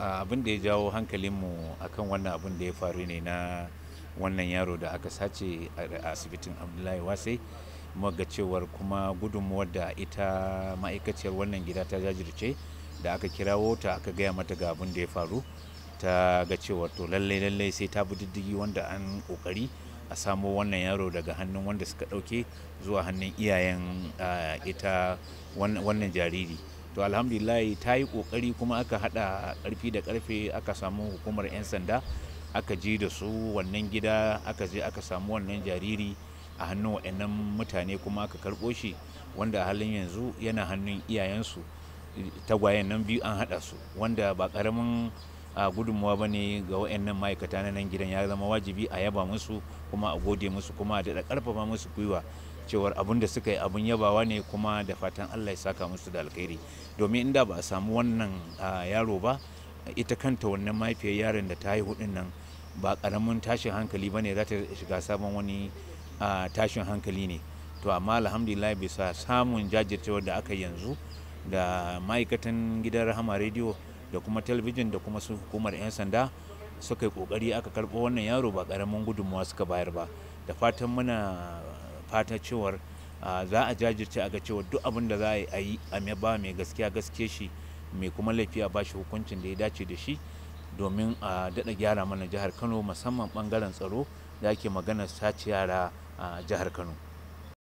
abin da ya jawo hankalinmu akan wannan abin da ya faru ne na wannan yaro da aka sace a asibitin abdullahi wasai ga cewar kuma gudunmuwar da ita ma'aikaciyar wannan gida ta jajirce da aka kirawo ta aka gaya mata ga abin da ya faru ta ga cewar to lallai lallai sai ta bi diddigi wanda an kokari a samo wannan yaro daga hannun wanda suka ɗauke zuwa hannun iyayen ita wannan jariri to alhamdulillahi ta yi kokari kuma aka hada karfi da karfe aka samu hukumar 'yan sanda aka je da su wannan gida aka je aka samu wannan jariri a hannun waannan mutane kuma aka karɓo shi wanda a halin yanzu yana hannun iyayensu tagwayen nan biyu an hada su wanda ba karamin a ah, gudunmuwa ba ne ga waɗannan ma'aikata na nan gidan ya zama wajibi a yaba musu kuma a gode musu kuma a daɗa karfafa musu gwiwa cewar abin da suka yi abin yabawa ne kuma da fatan allah ya saka musu da alkhairi domin inda ba a samu wannan yaro ba ita kanta wannan mahaifiyar yaron da ta haihu din nan ba karamin tashin hankali ba ne za ta shiga sabon wani tashin hankali ne to amma alhamdulillah bisa samun jajircewar da aka yanzu da ma'aikatan gidan rahama rediyo da kuma talabijin da kuma su hukumar 'yan sanda suka yi kokari aka karɓo wannan yaro ba karamin gudunmawa suka bayar ba da fatan muna fata cewar za a jajirce a ga cewa duk abin da za a yi a ba mai gaskiya gaske shi mai kuma laifi a bashi hukuncin da ya dace da shi domin a daɗa gyara mana jihar kano musamman ɓangaren tsaro da ake magana sace yara a jihar kano